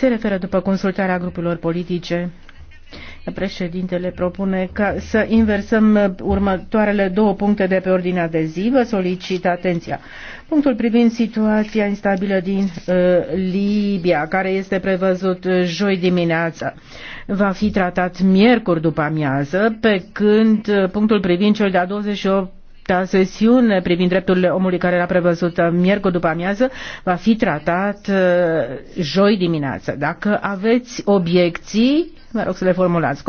se referă după consultarea grupurilor politice. Președintele propune ca să inversăm următoarele două puncte de pe ordinea de zi. Vă solicit atenția. Punctul privind situația instabilă din uh, Libia, care este prevăzut uh, joi dimineața, va fi tratat miercuri după amiază, pe când uh, punctul privind cel de-a 28 această sesiune privind drepturile omului care era prevăzută miercuri după amiază va fi tratat uh, joi dimineață. Dacă aveți obiecții, vă mă rog să le formulați.